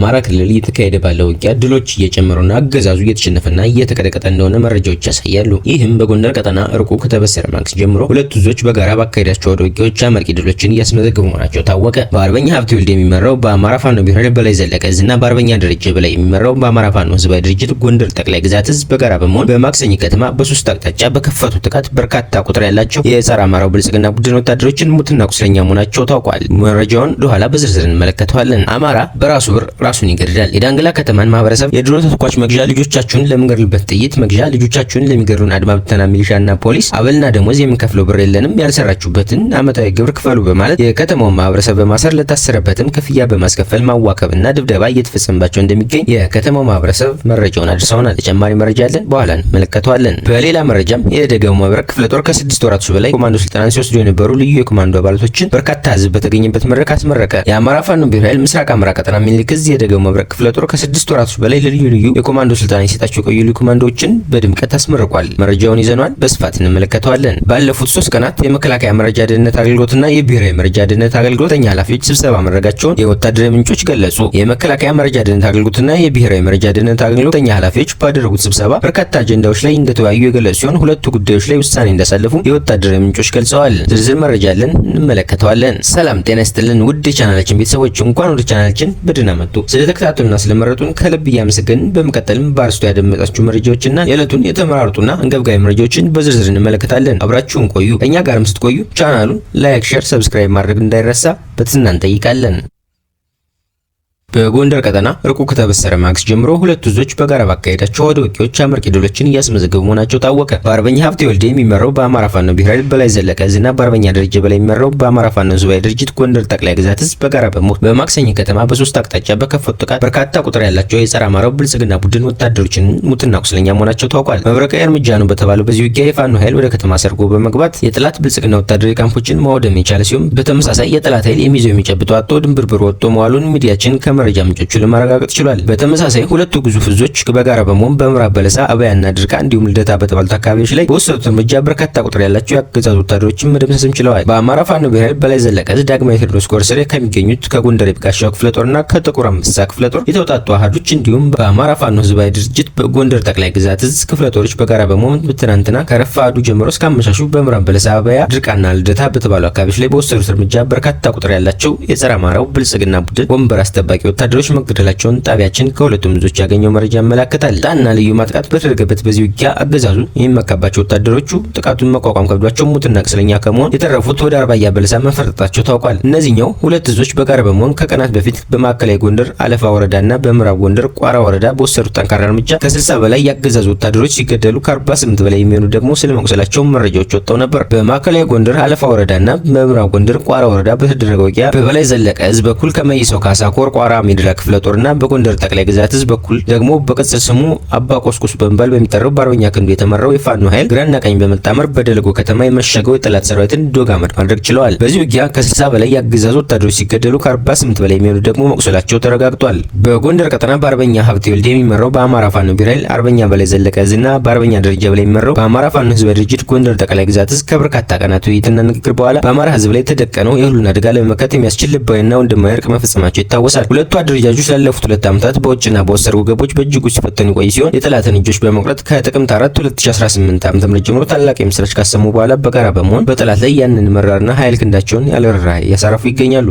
በአማራ ክልል እየተካሄደ ባለው ውጊያ ድሎች እየጨመሩና አገዛዙ እየተሸነፈና እየተቀጠቀጠ እንደሆነ መረጃዎች ያሳያሉ። ይህም በጎንደር ቀጠና እርቁ ከተበሰረ ማግስት ጀምሮ ሁለቱ ዞች በጋራ ባካሄዳቸው ወደ ውጊያዎች አመርቂ ድሎችን እያስመዘገቡ መሆናቸው ታወቀ። በአርበኛ ሀብት ውልድ የሚመራው በአማራ ፋኖ ብሔራዊ በላይ ዘለቀ እዝ በአርበኛ ደረጀ በላይ የሚመራው በአማራ ፋኖ ህዝባዊ ድርጅት ጎንደር ጠቅላይ ግዛት እዝ በጋራ በመሆን በማክሰኝ ከተማ በሶስት አቅጣጫ በከፈቱ ጥቃት በርካታ ቁጥር ያላቸው የጸረ አማራው ብልጽግና ቡድን ወታደሮችን ሙትና ቁስለኛ መሆናቸው ታውቋል። መረጃውን ደኋላ በዝርዝር እንመለከተዋለን። አማራ በራሱ ብር ራሱን ይገድላል። የዳንግላ ከተማን ማህበረሰብ የድሮ ተኳሽ መግዣ፣ ልጆቻችሁን ለምንገድልበት ጥይት መግዣ፣ ልጆቻችሁን ለሚገድሉን አድማ ብተና ሚሊሻና ፖሊስ አበልና ደሞዝ የምንከፍለው ብር የለንም፣ ያልሰራችሁበትን አመታዊ ግብር ክፈሉ በማለት የከተማውን ማህበረሰብ በማሰር ለታሰረበትም ክፍያ በማስከፈል ማዋከብና ድብደባ እየተፈጸመባቸው እንደሚገኝ የከተማው ማህበረሰብ መረጃውን አድርሰውናል። ተጨማሪ መረጃ ያለን በኋላ እንመለከተዋለን። በሌላ መረጃም የደገው መብረቅ ክፍለ ጦር ከስድስት ወራቶች በላይ ኮማንዶ ስልጠናን ሲወስዱ የነበሩ ልዩ የኮማንዶ አባላቶችን በርካታ ህዝብ በተገኘበት መድረክ አስመረቀ። የአማራ ፋኖ ብሔራዊ ኃይል ምስራቅ አማራ ቀጠና ያደገው መብረቅ ክፍለ ጦር ከስድስት ወራቶች በላይ ለልዩ ልዩ የኮማንዶ ስልጠና የሰጣቸው የቆዩ ልዩ ኮማንዶዎችን በድምቀት አስመርቋል። መረጃውን ይዘኗል፣ በስፋት እንመለከተዋለን። ባለፉት ሶስት ቀናት የመከላከያ መረጃ ደህንነት አገልግሎትና የብሔራዊ መረጃ ደህንነት አገልግሎት ተኛ ኃላፊዎች ስብሰባ መረጋቸውን የወታደራዊ ምንጮች ገለጹ። የመከላከያ መረጃ ደህንነት አገልግሎትና የብሔራዊ መረጃ ደህንነት አገልግሎት ተኛ ኃላፊዎች ባደረጉት ስብሰባ በርካታ አጀንዳዎች ላይ እንደተወያዩ የገለጹ ሲሆን ሁለቱ ጉዳዮች ላይ ውሳኔ እንዳሳለፉ የወታደራዊ ምንጮች ገልጸዋል። ዝርዝር መረጃ አለን፣ እንመለከተዋለን። ሰላም ጤና ይስጥልን ውድ የቻናላችን ቤተሰቦች እንኳን ወደ ቻናላችን በደህና መጡ። ስለተከታተሉና ስለመረጡን ከልብ እያመሰገንን በመቀጠልም በአርስቶ ያደመጣችሁ መረጃዎችና የዕለቱን የተመራርጡና አንገብጋቢ መረጃዎችን በዝርዝር እንመለከታለን። አብራችሁን ቆዩ። ከእኛ ጋርም ስትቆዩ ቻናሉን ላይክ፣ ሼር፣ ሰብስክራይብ ማድረግ እንዳይረሳ በትህትና እንጠይቃለን። በጎንደር ቀጠና እርቁ ከተበሰረ ማግስት ጀምሮ ሁለቱ እዞች በጋራ ባካሄዳቸው ወደ ውጊያዎች አመርቂ ድሎችን እያስመዘገቡ መሆናቸው ታወቀ። በአርበኛ ሀብቴ ወልዴ የሚመራው በአማራ ፋኖ ብሔራዊ በላይ ዘለቀ እዝ በአርበኛ ደረጀ በላይ የሚመራው በአማራ ፋኖ ዙባይ ድርጅት ጎንደር ጠቅላይ ግዛት እዝ በጋራ በመሆን በማክሰኝ ከተማ በሶስት አቅጣጫ በከፈቱ ጥቃት በርካታ ቁጥር ያላቸው የጸረ አማራው ብልጽግና ቡድን ወታደሮችን ሙትና ቁስለኛ መሆናቸው ታውቋል። መብረቃዊ እርምጃ ነው በተባለው በዚህ ውጊያ የፋኖ ኃይል ወደ ከተማ ሰርጎ በመግባት የጠላት ብልጽግና ወታደራዊ ካምፖችን ማውደም የቻለ ሲሆን በተመሳሳይ የጠላት ኃይል የሚይዘው የሚጨብጠው አጥቶ ድንብርብር ወጥቶ መዋሉን ሚዲያችን ከመረ የመረጃ ምንጮቹ ለማረጋገጥ ችሏል። በተመሳሳይ ሁለቱ ግዙፍ እዞች በጋራ በመሆን በምዕራብ በለሳ፣ አባያና ድርቃ እንዲሁም ልደታ በተባሉት አካባቢዎች ላይ በወሰዱት እርምጃ በርካታ ቁጥር ያላቸው የአገዛዙ ወታደሮችን መደምሰስም ችለዋል። በአማራ ፋኖ ብሔራዊ በላይ ዘለቀ ዳግማዊ ቴዎድሮስ ጎር ስር ከሚገኙት ከጎንደር የብጋሻው ክፍለ ጦርና ከጥቁር አንበሳ ክፍለ ጦር የተውጣጡ አህዶች እንዲሁም በአማራ ፋኖ ህዝባዊ ድርጅት በጎንደር ጠቅላይ ግዛት እዝ ክፍለ ጦሮች በጋራ በመሆን ትናንትና ከረፋዱ ጀምሮ እስከ አመሻሹ በምዕራብ በለሳ፣ አባያ፣ ድርቃና ልደታ በተባሉ አካባቢዎች ላይ በወሰዱት እርምጃ በርካታ ቁጥር ያላቸው የጸረ አማራው ብልጽግና ቡድን ወንበር አስጠባቂ ወታደሮች መገደላቸውን ጣቢያችን ከሁለቱም ምንጮች ያገኘው መረጃ ያመላክታል። ጣና ልዩ ማጥቃት በተደረገበት በዚህ ውጊያ አገዛዙ የሚመካባቸው ወታደሮቹ ጥቃቱን መቋቋም ከብዷቸው ሙትና ቅስለኛ ከመሆን የተረፉት ወደ አርባያ በለሳ መፈርጠጣቸው ታውቋል። እነዚህኛው ሁለት እዞች በጋራ በመሆን ከቀናት በፊት በማዕከላዊ ጎንደር አለፋ ወረዳና በምዕራብ ጎንደር ቋራ ወረዳ በወሰዱት ጠንካራ እርምጃ ከ60 በላይ ያገዛዙ ወታደሮች ሲገደሉ ከ48 በላይ የሚሆኑ ደግሞ ስለመቁሰላቸው መረጃዎች ወጥተው ነበር። በማዕከላዊ ጎንደር አለፋ ወረዳና በምዕራብ ጎንደር ቋራ ወረዳ በተደረገው ውጊያ በበላይ ዘለቀ እዝ በኩል ከመይሰው ካሳኮር ቋራ ሚድራ ክፍለ ጦርና በጎንደር ጠቅላይ ግዛት እዝ በኩል ደግሞ በቅጽል ስሙ አባ ቆስቁስ በመባል በሚጠራው በአርበኛ ክንዱ የተመራው የፋኖ ኃይል ግራና ቀኝ በመጣመር በደለጎ ከተማ የመሸገው የጠላት ሰራዊትን ዶጋ አመድ ማድረግ ችለዋል። በዚህ ውጊያ ከ60 በላይ የአገዛዙ ወታደሮች ሲገደሉ ከ48 በላይ የሚሆኑ ደግሞ መቁሰላቸው ተረጋግጧል። በጎንደር ቀጠና በአርበኛ ሀብቴ ወልድ የሚመራው በአማራ ፋኖ ቢራይል አርበኛ በላይ ዘለቀ እዝና በአርበኛ ደረጃ በላይ የሚመራው በአማራ ፋኖ ህዝብ ድርጅት ጎንደር ጠቅላይ ግዛት እዝ ከበርካታ ቀናት ውይይትና ንግግር በኋላ በአማራ ህዝብ ላይ ተደቀነው የሁሉን አደጋ ለመመከት የሚያስችል ልባዊና ወንድማዊ እርቅ መፈጸማቸው ይታወሳል። ሁለቱ አደረጃጆች ላለፉት ሁለት ዓመታት በውጭና በወሰድ ወገቦች በእጅጉ ሲፈተኑ ቆይ ሲሆን የጠላትን እጆች በመቁረጥ ከጥቅምት 4 2018 ዓ.ም ጀምሮ ታላቅ የምስራች ካሰሙ በኋላ በጋራ በመሆን በጠላት ላይ ያንን መራርና ኃይል ክንዳቸውን ያለራራ እያሳረፉ ይገኛሉ።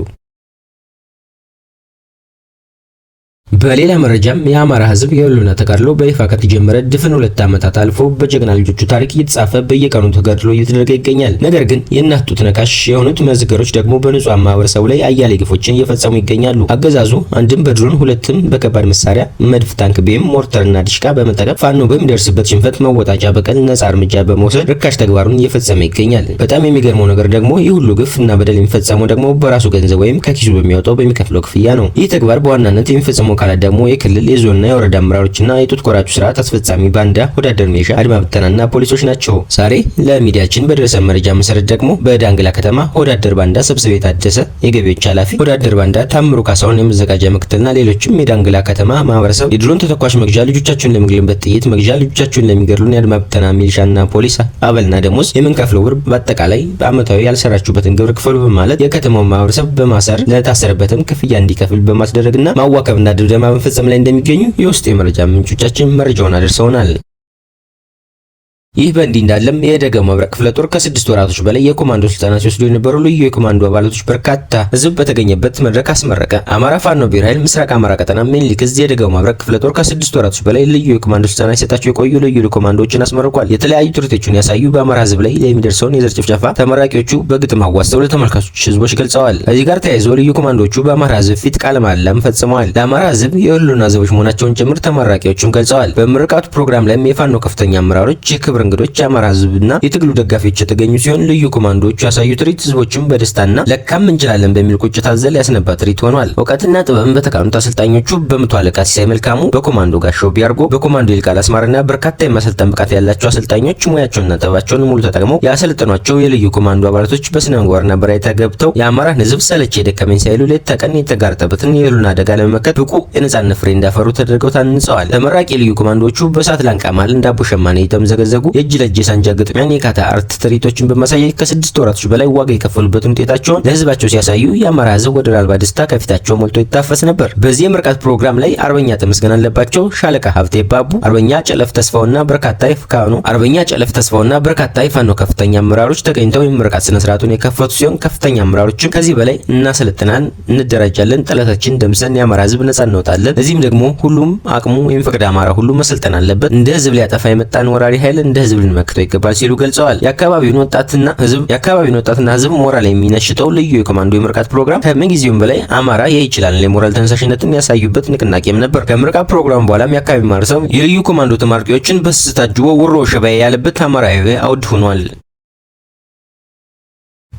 በሌላ መረጃም የአማራ ህዝብ የህልውና ተጋድሎ በይፋ ከተጀመረ ድፍን ሁለት ዓመታት አልፎ በጀግና ልጆቹ ታሪክ እየተጻፈ በየቀኑ ተጋድሎ እየተደረገ ይገኛል። ነገር ግን የእናት ጡት ነካሽ የሆኑት መዝገሮች ደግሞ በንጹሐን ማህበረሰቡ ላይ አያሌ ግፎችን እየፈጸሙ ይገኛሉ። አገዛዙ አንድም በድሮን ሁለትም በከባድ መሳሪያ መድፍ፣ ታንክ፣ ቤም ሞርተርና ድሽቃ በመጠቀም ፋኖ በሚደርስበት ሽንፈት መወጣጫ በቀል ነጻ እርምጃ በመውሰድ ርካሽ ተግባሩን እየፈጸመ ይገኛል። በጣም የሚገርመው ነገር ደግሞ ይህ ሁሉ ግፍ እና በደል የሚፈጸመው ደግሞ በራሱ ገንዘብ ወይም ከኪሱ በሚያወጣው በሚከፍለው ክፍያ ነው። ይህ ተግባር በዋናነት የሚፈጸመው በኋላ ደግሞ የክልል የዞንና የወረዳ አመራሮችና የጡት ቆራጩ ስርዓት አስፈጻሚ ባንዳ ወዳደር ሚሊሻ፣ አድማ ብተናና ፖሊሶች ናቸው። ዛሬ ለሚዲያችን በደረሰ መረጃ መሰረት ደግሞ በዳንግላ ከተማ ወዳደር ባንዳ ሰብስቤ ታደሰ የገቢዎች ኃላፊ፣ ወዳደር ባንዳ ታምሩ ካሳሁን የመዘጋጃ ምክትልና ሌሎችም የዳንግላ ከተማ ማህበረሰብ የድሮን ተተኳሽ መግዣ፣ ልጆቻችሁን ለሚገሉበት ጥይት መግዣ፣ ልጆቻችሁን ለሚገድሉን የአድማ ብተና ሚሊሻና ፖሊስ አበልና ደሞዝ የምንከፍለው ብር በአጠቃላይ በአመታዊ ያልሰራችሁበትን ግብር ክፈሉ በማለት የከተማውን ማህበረሰብ በማሰር ለታሰረበትም ክፍያ እንዲከፍል በማስደረግና ማዋከብና ድብደ ግምገማ በመፈጸም ላይ እንደሚገኙ የውስጥ የመረጃ ምንጮቻችን መረጃውን አድርሰውናል። ይህ በእንዲህ እንዳለም የደገ መብረቅ ክፍለ ጦር ከስድስት ወራቶች በላይ የኮማንዶ ስልጠና ሲወስዱ የነበሩ ልዩ የኮማንዶ አባላቶች በርካታ ህዝብ በተገኘበት መድረክ አስመረቀ። አማራ ፋኖ ብሔር ኃይል ምስራቅ አማራ ቀጠና ምኒልክ እዝ የደገው መብረቅ ክፍለ ጦር ከስድስት ወራቶች በላይ ልዩ የኮማንዶ ስልጠና ሲሰጣቸው የቆዩ ልዩ ኮማንዶዎችን አስመርቋል። የተለያዩ ትርቶችን ያሳዩ በአማራ ህዝብ ላይ የሚደርሰውን የዘር ጭፍጨፋ ተመራቂዎቹ በግጥም አዋስተው ለተመልካቾች ህዝቦች ገልጸዋል። ከዚህ ጋር ተያይዞ ልዩ ኮማንዶዎቹ በአማራ ህዝብ ፊት ቃለ መሃላም ፈጽመዋል። ለአማራ ህዝብ የሁሉና ዘቦች መሆናቸውን ጭምር ተመራቂዎቹም ገልጸዋል። በምርቃቱ ፕሮግራም ላይም የፋኖ ከፍተኛ አመራሮች ክብር እንግዶች የአማራ ህዝብና የትግሉ ደጋፊዎች የተገኙ ሲሆን ልዩ ኮማንዶዎቹ ያሳዩ ትርኢት ህዝቦችም በደስታና ለካም እንችላለን በሚል ቁጭት አዘል ያስነባ ትርኢት ሆኗል። እውቀትና ጥበብን በተካኑት አሰልጣኞቹ በመቶ አለቃ ሲሳይ መልካሙ፣ በኮማንዶ ጋሻው ቢያርጎ፣ በኮማንዶ ይልቃል አስማርና በርካታ የማሰልጠን ብቃት ያላቸው አሰልጣኞች ሙያቸውና ጥበባቸውን ሙሉ ተጠቅመው ያሰለጠኗቸው የልዩ ኮማንዶ አባላቶች በስነ ምግባርና በራዕይ ተገብተው የአማራን ህዝብ ሰለቼ የደከመኝ ሳይሉ ሌት ተቀን የተጋረጠበትን የህልውና አደጋ ለመመከት ብቁ የነጻነት ፍሬ እንዳፈሩ ተደርገው ታንጸዋል። ተመራቂ ልዩ ኮማንዶዎቹ በእሳት ላንቃ መሃል እንዳቦ ሸማኔ የተምዘገዘጉ የእጅ ለእጅ የሳንጃ ግጥሚያን፣ የካታ አርት ትርኢቶችን በማሳየት ከስድስት ወራቶች በላይ ዋጋ የከፈሉበትን ውጤታቸውን ለህዝባቸው ሲያሳዩ የአማራ ህዝብ ወደር አልባ ደስታ ከፊታቸው ሞልቶ ይታፈስ ነበር። በዚህ የምርቃት ፕሮግራም ላይ አርበኛ ተመስገን አለባቸው፣ ሻለቃ ሀብቴ ባቡ፣ አርበኛ ጨለፍ ተስፋውና በርካታ ይፍካኑ አርበኛ ጨለፍ ተስፋውና በርካታ ይፋኖ ከፍተኛ አመራሮች ተገኝተው የምርቃት ስነ ስርዓቱን የከፈቱ ሲሆን ከፍተኛ አመራሮችም ከዚህ በላይ እናሰለጥናን፣ እንደራጃለን፣ ጠላታችን ደምሰን የአማራ ህዝብ ነጻ እንወጣለን። ለዚህም ደግሞ ሁሉም አቅሙ የሚፈቅድ አማራ ሁሉ መሰልጠን አለበት። እንደ ህዝብ ሊያጠፋ የመጣን ወራሪ ኃይል እንደ ህዝብ ልንመክተው ይገባል ሲሉ ገልጸዋል። የአካባቢውን ወጣትና ህዝብ የአካባቢውን ወጣትና ህዝብ ሞራል የሚነሽጠው ልዩ የኮማንዶ የምርቃት ፕሮግራም ከምንጊዜውም በላይ አማራ ይችላል የሞራል ተነሳሽነትን ያሳዩበት ንቅናቄም ነበር። ከምርቃት ፕሮግራም በኋላም የአካባቢ ማህበረሰብ የልዩ ኮማንዶ ተማርቂዎችን በስታጅቦ ውሮ ሸባዬ ያለበት አማራዊ አውድ ሆኗል።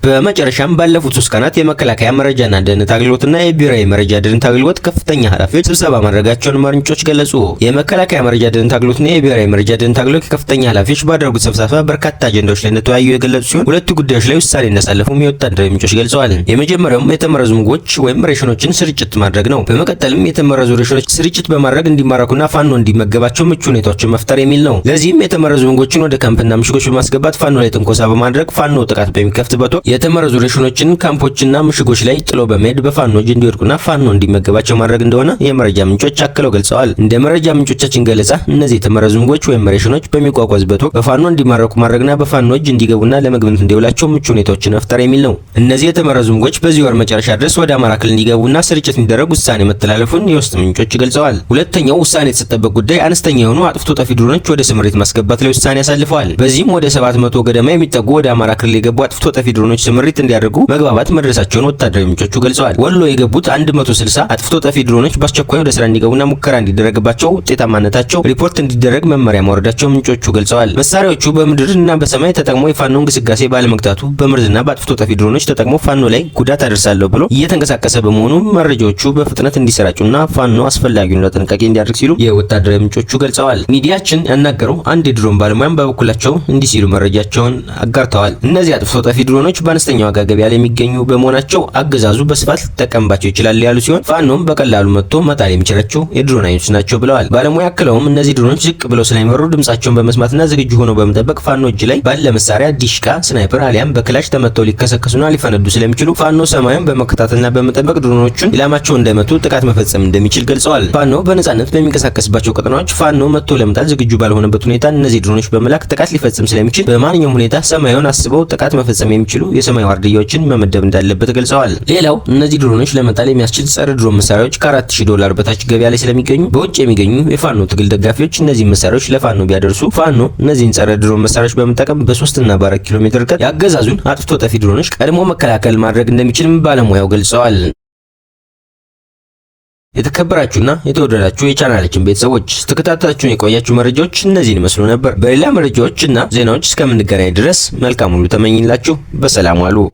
በመጨረሻም ባለፉት ሶስት ቀናት የመከላከያ መረጃና ደህንነት አገልግሎትና የብሔራዊ መረጃ ደህንነት አገልግሎት ከፍተኛ ኃላፊዎች ስብሰባ ማድረጋቸውን ምንጮች ገለጹ። የመከላከያ መረጃ ደህንነት አገልግሎትና የብሔራዊ መረጃ ደህንነት አገልግሎት ከፍተኛ ኃላፊዎች ባደረጉት ስብሰባ በርካታ አጀንዳዎች ላይ እንደተወያዩ የገለጹ ሲሆን ሁለቱ ጉዳዮች ላይ ውሳኔ እንዳሳለፉም የወታደራዊ ምንጮች ገልጸዋል። የመጀመሪያውም የተመረዙ ምግቦች ወይም ሬሽኖችን ስርጭት ማድረግ ነው። በመቀጠልም የተመረዙ ሬሽኖች ስርጭት በማድረግ እንዲማረኩና ፋኖ እንዲመገባቸው ምቹ ሁኔታዎችን መፍጠር የሚል ነው። ለዚህም የተመረዙ ምግቦችን ወደ ካምፕና ምሽጎች በማስገባት ፋኖ ላይ ትንኮሳ በማድረግ ፋኖ ጥቃት በሚከፍትበት የተመረዙ ሬሽኖችን ካምፖችና ምሽጎች ላይ ጥሎ በመሄድ በፋኖጅ እንዲወድቁና ፋኖ እንዲመገባቸው ማድረግ እንደሆነ የመረጃ ምንጮች አክለው ገልጸዋል። እንደ መረጃ ምንጮቻችን ገለጻ እነዚህ የተመረዙ ምግቦች ወይም ሬሽኖች በሚጓጓዝበት ወቅት በፋኖ እንዲማረኩ ማድረግና በፋኖጅ እንዲገቡና ለምግብነት እንዲውላቸው ምቹ ሁኔታዎችን መፍጠር የሚል ነው። እነዚህ የተመረዙ ምግቦች በዚህ ወር መጨረሻ ድረስ ወደ አማራ ክልል እንዲገቡና ስርጭት እንዲደረግ ውሳኔ መተላለፉን የውስጥ ምንጮች ገልጸዋል። ሁለተኛው ውሳኔ የተሰጠበት ጉዳይ አነስተኛ የሆኑ አጥፍቶ ጠፊ ድሮኖች ወደ ስምሪት ማስገባት ላይ ውሳኔ አሳልፈዋል። በዚህም ወደ ሰባት መቶ ገደማ የሚጠጉ ወደ አማራ ክልል የገቡ አጥፍቶ ጠፊ ድሮኖች ኃይሎች ስምሪት እንዲያደርጉ መግባባት መድረሳቸውን ወታደራዊ ምንጮቹ ገልጸዋል። ወሎ የገቡት 160 አጥፍቶ ጠፊ ድሮኖች በአስቸኳይ ወደ ስራ እንዲገቡና ሙከራ እንዲደረግባቸው ውጤታማነታቸው ሪፖርት እንዲደረግ መመሪያ ማውረዳቸው ምንጮቹ ገልጸዋል። መሳሪያዎቹ በምድር እና በሰማይ ተጠቅሞ የፋኖ እንቅስቃሴ ባለመግታቱ በምርዝና በአጥፍቶ ጠፊ ድሮኖች ተጠቅሞ ፋኖ ላይ ጉዳት አደርሳለሁ ብሎ እየተንቀሳቀሰ በመሆኑ መረጃዎቹ በፍጥነት እንዲሰራጩና ፋኖ አስፈላጊውን ጥንቃቄ እንዲያደርግ ሲሉ የወታደራዊ ምንጮቹ ገልጸዋል። ሚዲያችን ያናገረው አንድ የድሮን ባለሙያም በበኩላቸው እንዲህ ሲሉ መረጃቸውን አጋርተዋል። እነዚህ አጥፍቶ ጠፊ ድሮኖች በአነስተኛ ዋጋ ገበያ ላይ የሚገኙ በመሆናቸው አገዛዙ በስፋት ሊጠቀምባቸው ይችላል ያሉ ሲሆን ፋኖም በቀላሉ መጥቶ መጣል የሚችላቸው የድሮን አይነቶች ናቸው ብለዋል። ባለሙያ አክለውም እነዚህ ድሮኖች ዝቅ ብለው ስለሚበሩ ድምጻቸውን በመስማትና ዝግጁ ሆነው በመጠበቅ ፋኖ እጅ ላይ ባለ መሳሪያ ዲሽቃ፣ ስናይፐር አሊያም በክላሽ ተመተው ሊከሰከሱና ሊፈነዱ ስለሚችሉ ፋኖ ሰማዩን በመከታተልና በመጠበቅ ድሮኖቹን ኢላማቸው እንዳይመቱ ጥቃት መፈጸም እንደሚችል ገልጸዋል። ፋኖ በነጻነት በሚንቀሳቀስባቸው ቀጠናዎች ፋኖ መጥቶ ለመጣል ዝግጁ ባልሆነበት ሁኔታ እነዚህ ድሮኖች በመላክ ጥቃት ሊፈጽም ስለሚችል በማንኛውም ሁኔታ ሰማዩን አስበው ጥቃት መፈጸም የሚችሉ የሰማይ ዋርድያዎችን መመደብ እንዳለበት ገልጸዋል። ሌላው እነዚህ ድሮኖች ለመጣል የሚያስችል ጸረ ድሮን መሳሪያዎች ከ4000 ዶላር በታች ገበያ ላይ ስለሚገኙ በውጭ የሚገኙ የፋኖ ትግል ደጋፊዎች እነዚህን መሳሪያዎች ለፋኖ ቢያደርሱ ፋኖ እነዚህን ጸረ ድሮን መሳሪያዎች በመጠቀም በሶስትና በአራት ኪሎ ሜትር ርቀት የአገዛዙን አጥፍቶ ጠፊ ድሮኖች ቀድሞ መከላከል ማድረግ እንደሚችልም ባለሙያው ገልጸዋል። የተከበራችሁና የተወደዳችሁ የቻናላችን ቤተሰቦች ስትከታተላችሁን የቆያችሁ መረጃዎች እነዚህን ይመስሉ ነበር። በሌላ መረጃዎች እና ዜናዎች እስከምንገናኝ ድረስ መልካም ሁሉ ተመኝላችሁ በሰላም ዋሉ።